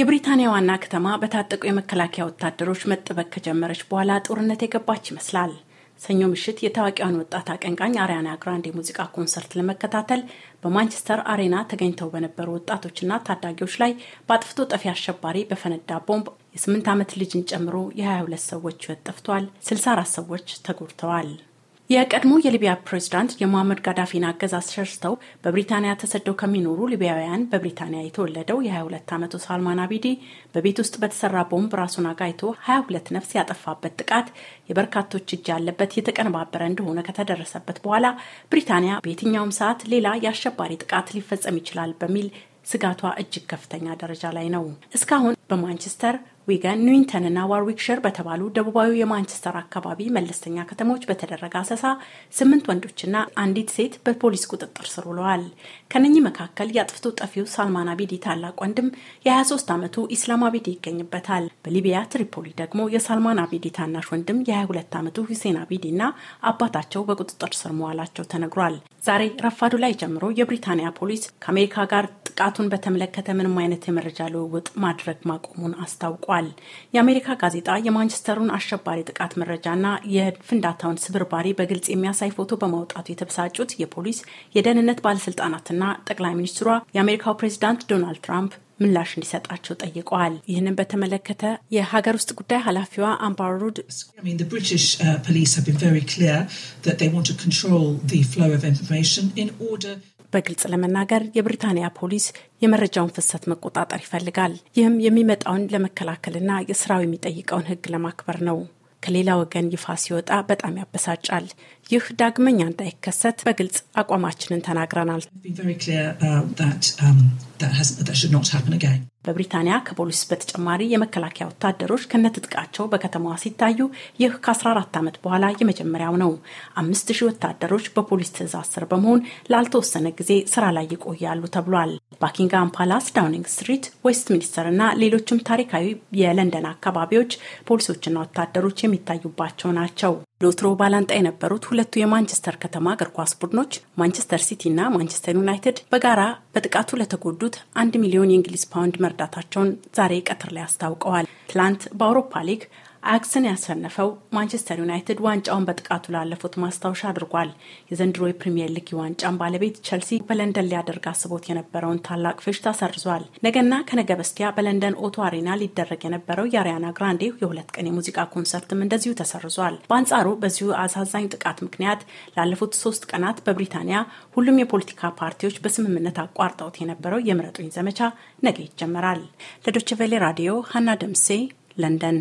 የብሪታንያ ዋና ከተማ በታጠቁ የመከላከያ ወታደሮች መጠበቅ ከጀመረች በኋላ ጦርነት የገባች ይመስላል። ሰኞ ምሽት የታዋቂዋን ወጣት አቀንቃኝ አሪያና ግራንድ የሙዚቃ ኮንሰርት ለመከታተል በማንቸስተር አሬና ተገኝተው በነበሩ ወጣቶችና ታዳጊዎች ላይ በአጥፍቶ ጠፊ አሸባሪ በፈነዳ ቦምብ የ የስምንት ዓመት ልጅን ጨምሮ የ22 ሰዎች ሕይወት ጠፍቷል፣ 64 ሰዎች ተጎድተዋል። የቀድሞ የሊቢያ ፕሬዝዳንት የሞሐመድ ጋዳፊን አገዛዝ ሸሽተው በብሪታንያ ተሰደው ከሚኖሩ ሊቢያውያን በብሪታንያ የተወለደው የ22 ዓመቱ ሳልማን አቢዲ በቤት ውስጥ በተሰራ ቦምብ ራሱን አጋይቶ 22 ነፍስ ያጠፋበት ጥቃት የበርካቶች እጅ ያለበት የተቀነባበረ እንደሆነ ከተደረሰበት በኋላ ብሪታንያ በየትኛውም ሰዓት ሌላ የአሸባሪ ጥቃት ሊፈጸም ይችላል በሚል ስጋቷ እጅግ ከፍተኛ ደረጃ ላይ ነው። እስካሁን በማንቸስተር ዊገን፣ ኒውተን እና ዋርዊክሸር በተባሉ ደቡባዊ የማንቸስተር አካባቢ መለስተኛ ከተሞች በተደረገ አሰሳ ስምንት ወንዶችና አንዲት ሴት በፖሊስ ቁጥጥር ስር ውለዋል። ከነኚህ መካከል የአጥፍቶ ጠፊው ሳልማን አቢዲ ታላቅ ወንድም የ23 ዓመቱ ኢስላም አቢዲ ይገኝበታል። በሊቢያ ትሪፖሊ ደግሞ የሳልማን አቢዲ ታናሽ ወንድም የ22 ዓመቱ ሁሴን አቢዲ እና አባታቸው በቁጥጥር ስር መዋላቸው ተነግሯል። ዛሬ ረፋዱ ላይ ጀምሮ የብሪታንያ ፖሊስ ከአሜሪካ ጋር ጥቃቱን በተመለከተ ምንም አይነት የመረጃ ልውውጥ ማድረግ ማቆሙን አስታውቋል። የአሜሪካ ጋዜጣ የማንቸስተሩን አሸባሪ ጥቃት መረጃና የፍንዳታውን ስብርባሪ በግልጽ የሚያሳይ ፎቶ በማውጣቱ የተበሳጩት የፖሊስ የደህንነት ባለስልጣናትና ጠቅላይ ሚኒስትሯ የአሜሪካው ፕሬዚዳንት ዶናልድ ትራምፕ ምላሽ እንዲሰጣቸው ጠይቀዋል። ይህንን በተመለከተ የሀገር ውስጥ ጉዳይ ኃላፊዋ አምበር ሩድ በግልጽ ለመናገር የብሪታንያ ፖሊስ የመረጃውን ፍሰት መቆጣጠር ይፈልጋል። ይህም የሚመጣውን ለመከላከልና ስራው የሚጠይቀውን ህግ ለማክበር ነው። ከሌላ ወገን ይፋ ሲወጣ በጣም ያበሳጫል። ይህ ዳግመኛ እንዳይከሰት በግልጽ አቋማችንን ተናግረናል። uh, um, በብሪታንያ ከፖሊስ በተጨማሪ የመከላከያ ወታደሮች ከነትጥቃቸው በከተማዋ ሲታዩ ይህ ከ14 ዓመት በኋላ የመጀመሪያው ነው። አምስት ሺህ ወታደሮች በፖሊስ ትዕዛዝ ስር በመሆን ላልተወሰነ ጊዜ ስራ ላይ ይቆያሉ ተብሏል። ባኪንግሃም ፓላስ፣ ዳውኒንግ ስትሪት፣ ዌስት ሚኒስተር እና ሌሎችም ታሪካዊ የለንደን አካባቢዎች ፖሊሶችና ወታደሮች የሚታዩባቸው ናቸው። ሎትሮ ባላንጣ የነበሩት ሁለቱ የማንቸስተር ከተማ እግር ኳስ ቡድኖች ማንቸስተር ሲቲ እና ማንቸስተር ዩናይትድ በጋራ በጥቃቱ ለተጎዱት አንድ ሚሊዮን የእንግሊዝ ፓውንድ መርዳታቸውን ዛሬ ቀትር ላይ አስታውቀዋል። ትላንት በአውሮፓ ሊግ አያክስን ያሰነፈው ማንቸስተር ዩናይትድ ዋንጫውን በጥቃቱ ላለፉት ማስታወሻ አድርጓል። የዘንድሮ የፕሪምየር ሊግ ዋንጫን ባለቤት ቸልሲ በለንደን ሊያደርግ አስቦት የነበረውን ታላቅ ፌሽታ ሰርዟል። ነገና ከነገ በስቲያ በለንደን ኦቶ አሬና ሊደረግ የነበረው የአሪያና ግራንዴ የሁለት ቀን የሙዚቃ ኮንሰርትም እንደዚሁ ተሰርዟል። በአንጻሩ በዚሁ አሳዛኝ ጥቃት ምክንያት ላለፉት ሶስት ቀናት በብሪታንያ ሁሉም የፖለቲካ ፓርቲዎች በስምምነት አቋርጠውት የነበረው የምረጡኝ ዘመቻ ነገ ይጀመራል። ለዶችቬሌ ራዲዮ ሀና ደምሴ ለንደን